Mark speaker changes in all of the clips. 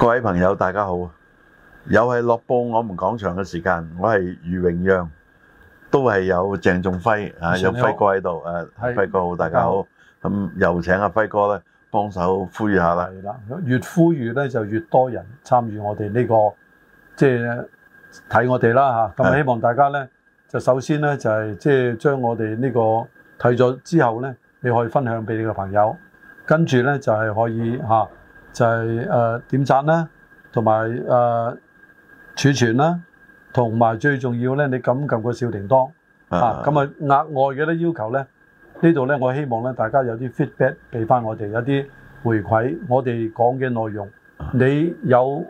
Speaker 1: 各位朋友，大家好！又係樂報，我們講場嘅時間，我係余榮讓，都係有鄭仲輝啊，有輝哥喺度。誒，輝哥好，大家好。咁又請阿輝哥咧，幫手
Speaker 2: 呼籲下啦。係啦，越呼籲咧就越多人參與我哋呢個，即係睇我哋啦吓。咁希望大家咧，就首先咧就係即係將我哋呢個睇咗之後咧，你可以分享俾你嘅朋友，跟住咧就係可以吓。就係誒點贊啦，同埋誒儲存啦，同埋最重要咧，你撳撳個小鈴鐺啊！咁啊額外嘅啲要求咧，呢度咧我希望咧大家有啲 feedback 俾翻我哋，有啲回饋我哋講嘅內容。你有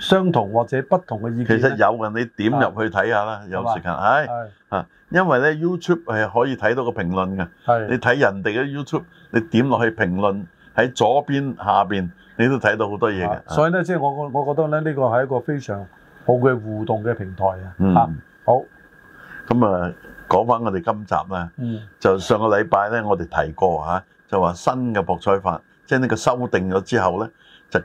Speaker 2: 相同或者不同嘅意見咧？其實有啊，你點入去睇下啦，有時間唉啊，因為咧 YouTube 係
Speaker 1: 可以睇到個評論嘅，係你睇人哋嘅 YouTube，你點落去評論喺左邊下邊。你都睇到好多嘢嘅，所以咧
Speaker 2: 即係我我我覺得咧呢個係一個非常好嘅互動嘅平台啊！嚇，好
Speaker 1: 咁啊，講翻我哋今集啦，就上個禮拜咧，我哋提過嚇，就話新嘅博彩法，即係呢個修訂咗之後咧，就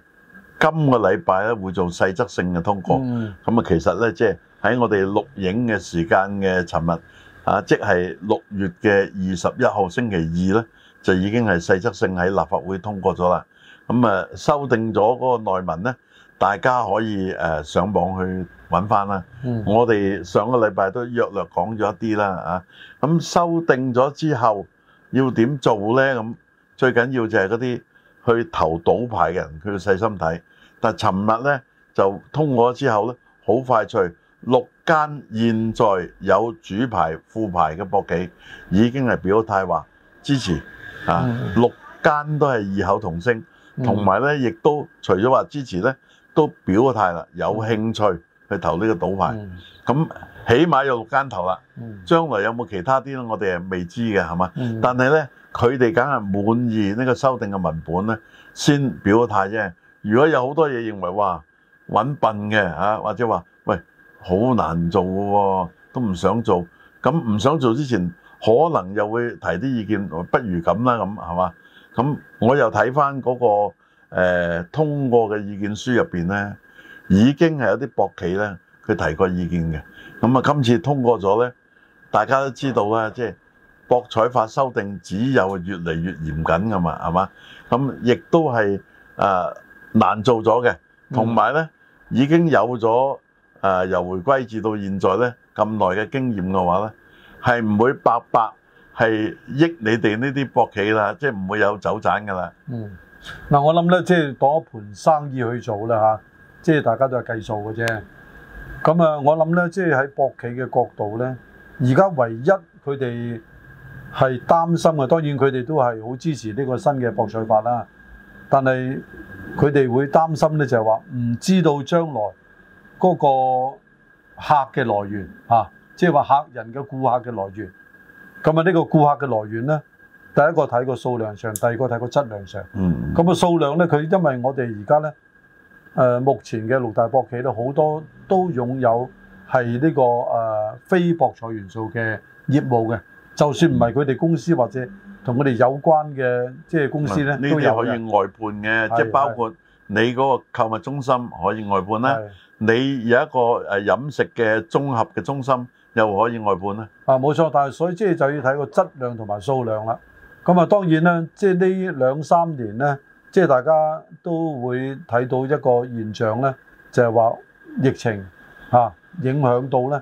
Speaker 1: 今個禮拜咧會做細則性嘅通過。咁啊，其實咧即係喺我哋錄影嘅時間嘅尋日啊，即係六月嘅二十一號星期二咧，就已經係細則性喺立法會通過咗啦。咁啊，修訂咗嗰個內文咧，大家可以誒上網去揾翻啦。我哋上個禮拜都約略講咗一啲啦啊。咁修訂咗之後要點做咧？咁最緊要就係嗰啲去投賭牌嘅人，佢細心睇。但係尋日咧就通過咗之後咧，好快脆，六間現在有主牌副牌嘅博企已經係表態話支持啊，六間都係異口同聲。同埋咧，亦都除咗話支持咧，都表個態啦，有興趣去投呢個賭牌。咁、嗯、起碼有六間投啦、嗯。將來有冇其他啲咧，我哋未知嘅係嘛？但係咧，佢哋梗係滿意呢個修訂嘅文本咧，先表個態啫。如果有好多嘢認為哇揾笨嘅嚇、啊，或者話喂好難做喎、哦，都唔想做。咁唔想做之前，可能又會提啲意見，不如咁啦咁係嘛？咁我又睇翻嗰個、呃、通過嘅意見書入面，咧，已經係有啲博企咧，佢提過意見嘅。咁啊，今次通過咗咧，大家都知道啦，即係博彩法修訂，只有越嚟越嚴緊噶嘛，係嘛？咁亦都係啊、呃、難做咗嘅，同埋咧已經有咗啊、呃、由回歸至到現在咧咁耐嘅經驗嘅話咧，係唔會白白。係益你哋呢啲博企啦，即係唔會有走賺噶啦。嗯，
Speaker 2: 嗱我諗咧，即係當一盤生意去做啦吓，即係大家都係計數嘅啫。咁啊，我諗咧，即係喺博企嘅角度咧，而家唯一佢哋係擔心嘅，當然佢哋都係好支持呢個新嘅博彩法啦。但係佢哋會擔心咧，就係話唔知道將來嗰個客嘅來源嚇，即係話客人嘅顧客嘅來源。啊就是咁啊，呢個顧客嘅來源呢，第一個睇個數量上，第二個睇個質量上。咁、嗯、個數量呢，佢因為我哋而家呢，誒、呃、目前嘅六大博企都好多都擁有係呢、這個誒、呃、非博彩元素嘅業務嘅，就算唔係佢哋公司或者同佢哋有關嘅即係公司呢，呢、嗯、啲可，可以
Speaker 1: 外判嘅，即係包括你嗰個購物中心可以外判啦，你有一個誒飲食嘅綜合嘅中心。又可以外判咧？
Speaker 2: 啊，冇錯，但係所以即係就要睇個質量同埋數量啦。咁啊，當然啦，即係呢兩三年咧，即係大家都會睇到一個現象咧，就係、是、話疫情嚇影響到咧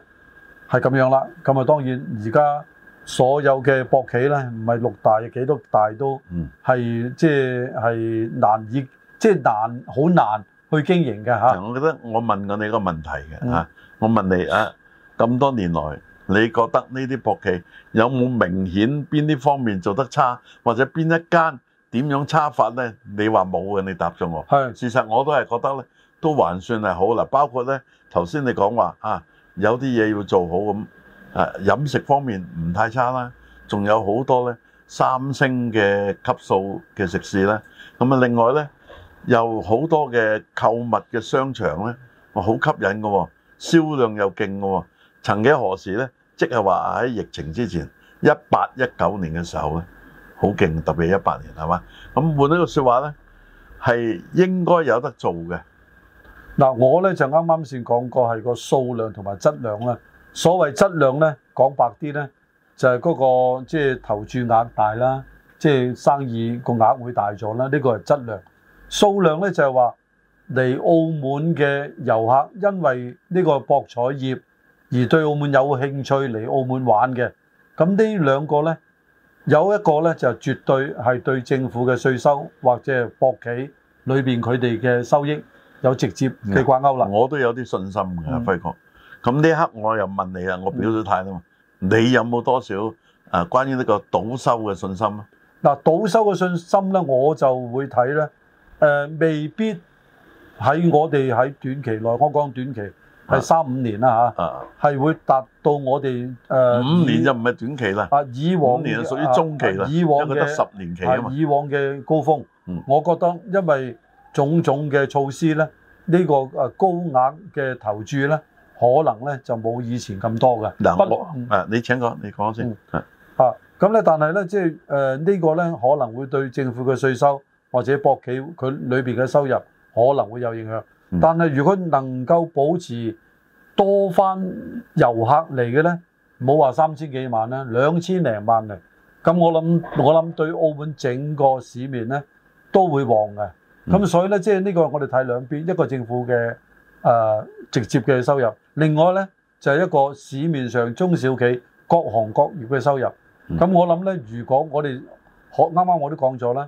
Speaker 2: 係咁樣啦。咁啊，當然而家所有嘅博企咧，唔係六大幾多大都係即係係難以即係、就是、難好難去經營嘅嚇。我覺得我問緊你個問題嘅
Speaker 1: 嚇、嗯，我問你啊。咁多年來，你覺得呢啲博企有冇明顯邊啲方面做得差，或者邊一間點樣差法呢？你話冇嘅，你答咗我。係，事實我都係覺得呢都還算係好啦，包括呢，頭先你講話啊，有啲嘢要做好咁啊，飲食方面唔太差啦，仲有好多呢三星嘅級數嘅食肆呢。咁啊，另外呢，有好多嘅購物嘅商場呢，好吸引嘅喎，銷量又勁嘅喎。曾幾何時呢？即係話喺疫情之前，一八一九年嘅時候呢，好勁，特別係一八年係嘛。咁換一個說話呢，
Speaker 2: 係應該有得做嘅。嗱，我呢就啱啱先講過係個數量同埋質量啦。所謂質量呢，講白啲呢，就係嗰個即係投注額大啦，即係生意個額會大咗啦。呢個係質量。數量呢就係話嚟澳門嘅遊客，因為呢個博彩業。而對澳門有興趣嚟澳門玩嘅。咁呢兩個咧，有一個咧就絕對係對政府嘅稅收或者係博企裏邊佢哋嘅收益有直接
Speaker 1: 嘅掛鉤啦。我都有啲
Speaker 2: 信心㗎，
Speaker 1: 輝哥。咁呢一刻我又問你啦，我表咗態啦嘛，你有冇多少啊關於呢個賭收嘅信心咧？
Speaker 2: 嗱，賭收嘅信心咧，我就會睇咧，誒未必喺我哋喺短期內，我講短期。係三五年啦，嚇，係會達到我哋誒五年就
Speaker 1: 唔係短期啦。啊，以往嘅屬於中期啦，因為得十年期了，以
Speaker 2: 往嘅高峰，嗯，我覺得因為種種嘅措施咧，呢、呢個誒高額嘅投注咧，可能咧就冇以前咁多嘅。嗱不
Speaker 1: 過誒，你請講，你講先。嗯。
Speaker 2: 啊，咁咧，但係咧，即係誒呢個咧可能會對政府嘅稅收或者博企佢裏邊嘅收入可能會有影響。但係如果能夠保持多翻遊客嚟嘅呢，唔好話三千幾萬啦，兩千零萬嚟，咁我諗我諗對澳門整個市面呢都會旺嘅。咁所以呢，即係呢個我哋睇兩邊，一個政府嘅誒、呃、直接嘅收入，另外呢就係、是、一個市面上中小企各行各業嘅收入。咁我諗呢，如果我哋可啱啱我都講咗啦。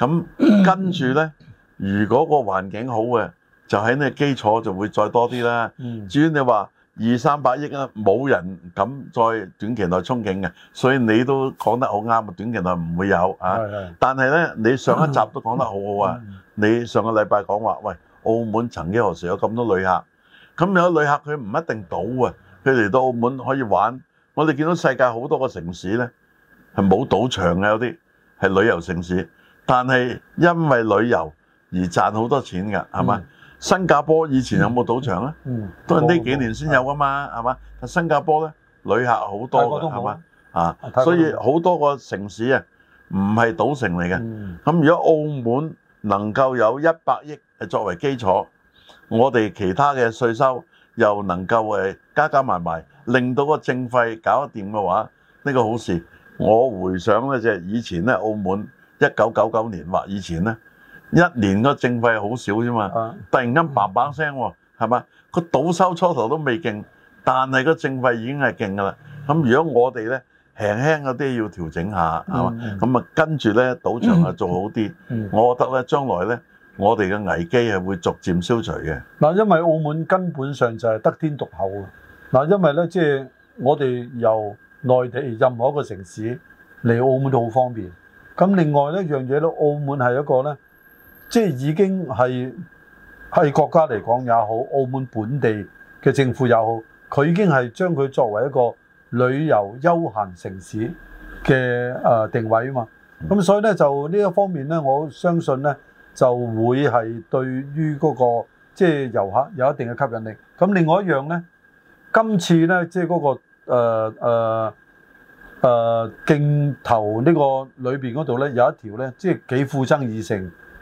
Speaker 1: 咁跟住咧，如果個環境好嘅，就喺呢個基礎就會再多啲啦。至於你話二三百億啊，冇人敢喺短期內憧憬嘅，所以你都講得好啱啊！短期內唔會有啊。但係咧，你上一集都講得好好啊。你上個禮拜講話，喂，澳門曾經何時有咁多旅客？咁有旅客佢唔一定賭啊，佢嚟到澳門可以玩。我哋見到世界好多個城市咧係冇賭場嘅，有啲係旅遊城市。但係因為旅遊而賺好多錢㗎，係嘛？新加坡以前有冇賭場啊？嗯，都係呢幾年先有㗎嘛，係嘛？但新加坡咧，旅客好多㗎，係嘛？啊，所以好多個城市啊，唔係賭城嚟嘅。咁如果澳門能夠有一百億係作為基礎，我哋其他嘅稅收又能夠誒加加埋埋，令到個政費搞得掂嘅話，呢個好事。我回想咧就係以前咧澳門，一九九九年或以前咧，一年個正費好少啫嘛，突然間嘭嘭聲喎，係嘛？個倒收初頭都未勁，但係個正費已經係勁噶啦。咁如果我哋咧輕輕嗰啲要調整下，係嘛？咁啊跟住咧賭場啊做好啲，我覺得咧將來咧我哋嘅危機係會逐漸消除嘅。
Speaker 2: 嗱，因為澳門根本上就係得天獨厚啊！嗱，因為咧即係我哋由內地任何一個城市嚟澳門都好方便。咁另外一樣嘢咧，澳門係一個咧，即係已經係係國家嚟講也好，澳門本地嘅政府也好，佢已經係將佢作為一個旅遊休閒城市嘅、呃、定位啊嘛。咁所以咧就呢一方面咧，我相信咧就會係對於嗰、那個即係、就是、遊客有一定嘅吸引力。咁另外一樣咧，今次咧即係嗰個誒、呃呃誒、呃、鏡頭呢個裏邊嗰度咧，有一條咧，即係幾富爭議性。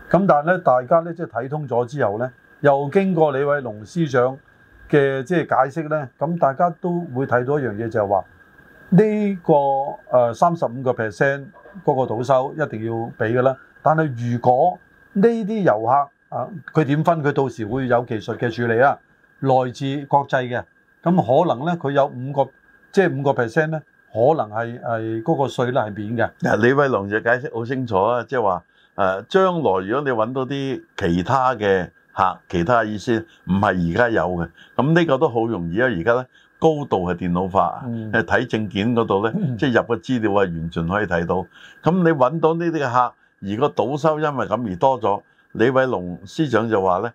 Speaker 2: 咁但係咧，大家咧即係睇通咗之後咧，又經過李偉龍司長嘅即係解釋咧，咁大家都會睇到一樣嘢，就係話呢個誒三十五個 percent 嗰個賭收一定要俾噶啦。但係如果呢啲遊客啊，佢點分佢到時會有技術嘅處理啊，來自國際嘅，咁可能咧佢有五個即係五個 percent 咧。就是可能係係嗰個稅咧係免嘅。嗱，李偉龍就解釋好清楚是啊，即係話誒將來如果你
Speaker 1: 揾到啲其他嘅客，其他意思唔係而家有嘅，咁呢個都好容易啊。而家咧高度係電腦化啊，睇、嗯、證件嗰度咧即係入個資料啊，完全可以睇到。咁你揾到呢啲嘅客，如果倒收因為咁而多咗，李偉龍司長就話咧，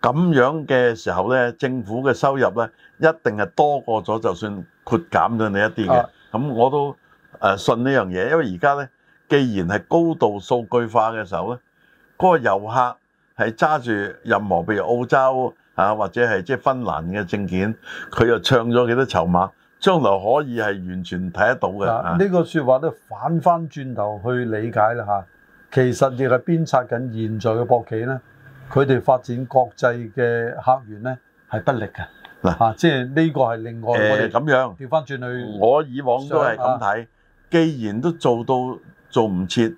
Speaker 1: 咁樣嘅時候咧，政府嘅收入咧一定係多過咗，就算豁減咗你一啲嘅。啊咁我都誒信呢樣嘢，因為而家咧，既然係高度數據化嘅時候咧，嗰個遊客係揸住任何譬如澳洲啊或者係即係芬蘭嘅證件，佢又唱咗幾多籌碼，將來可以係完全睇得到嘅。呢個
Speaker 2: 說話咧，反翻轉頭去理解啦嚇，其實亦係鞭策緊現在嘅博企咧，佢哋發展國際嘅客源咧係不力嘅。嗱嚇，即係呢個係另外我哋咁樣調翻轉去。我以往都係咁睇，
Speaker 1: 既然都做到做唔切，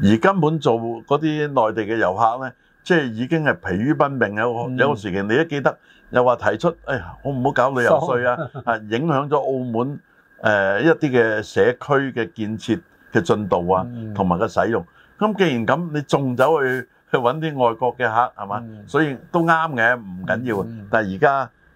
Speaker 1: 而根本做嗰啲內地嘅遊客咧，即係已經係疲於奔命啊！有個有個時期，你一記得又話提出，哎呀，好唔好搞旅遊稅啊？啊，影響咗澳門誒一啲嘅社區嘅建設嘅進度啊，同埋個使用。咁既然咁，你仲走去去揾啲外國嘅客係嘛？所以都啱嘅，唔緊要啊。但係而家。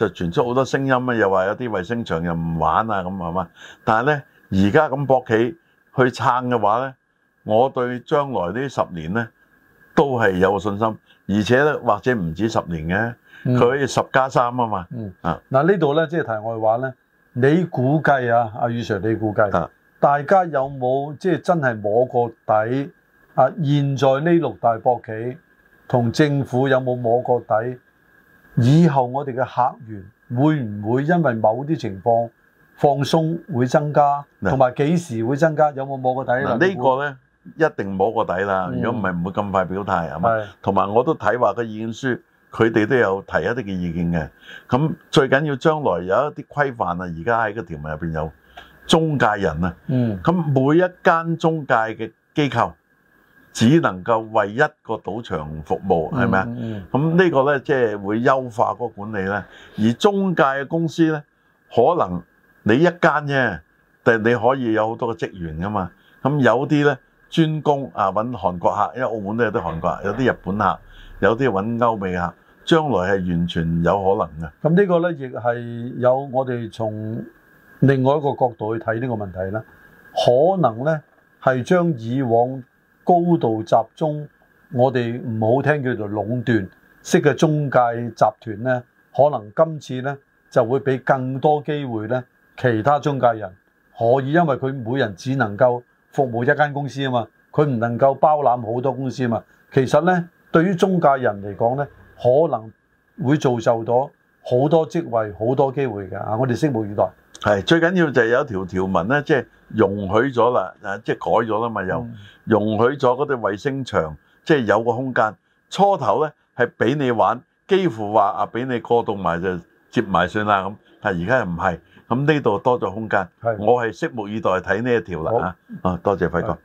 Speaker 1: 就傳出好多聲音啊！又話有啲衞星場又唔玩啊，咁係嘛？但係咧，而家咁博企去撐嘅話咧，我對將來呢十年咧都係有信心，而且呢或者唔止十年嘅，佢可以十加三啊嘛。啊，
Speaker 2: 嗱、嗯嗯、呢度咧，即係題外話咧，你估計啊，阿余 Sir，你估計，大家有冇即係真係摸過底啊？現在呢六大博企同政府有冇摸過底？以後我哋嘅客源會唔會因為某啲情況放鬆會增加，同埋幾時會增加，有冇摸過底、這個底？呢個
Speaker 1: 咧一定摸過底啦。如果唔係，唔會咁快表態係咪？同埋我都睇話個意見書，佢哋都有提一啲嘅意見嘅。咁最緊要將來有一啲規範啊，而家喺個條文入面有中介人啊。嗯，咁每一間中介嘅機構。只能夠為一個賭場服務，係咪啊？嗯，咁呢個咧，即係會優化嗰個管理咧。而中介嘅公司咧，可能你一間啫，但係你可以有好多個職員噶嘛。咁有啲咧專攻啊揾韓國客，因為澳門都有啲韓國客，有啲日本客，有啲揾歐美客。將來係完全有可能
Speaker 2: 嘅。咁呢個咧亦係有我哋從另外一個角度去睇呢個問題啦。可能咧係將以往，高度集中，我哋唔好聽叫做壟斷式嘅中介集團呢，可能今次呢就會俾更多機會呢其他中介人可以，因為佢每人只能夠服務一間公司啊嘛，佢唔能夠包攬好多公司啊嘛。其實呢，對於中介人嚟講呢，可能會造就咗好多職位、好多機會嘅啊！我哋拭目以待。
Speaker 1: 係最緊要就係有一條條文咧，即係容許咗啦，啊即係改咗啦嘛，又容許咗嗰啲衛星場，即係有個空間。初頭咧係俾你玩，幾乎話啊俾你過渡埋就接埋算啦咁，但係而家又唔係，咁呢度多咗空間。我係拭目以待睇呢一條啦吓。啊，多謝輝哥。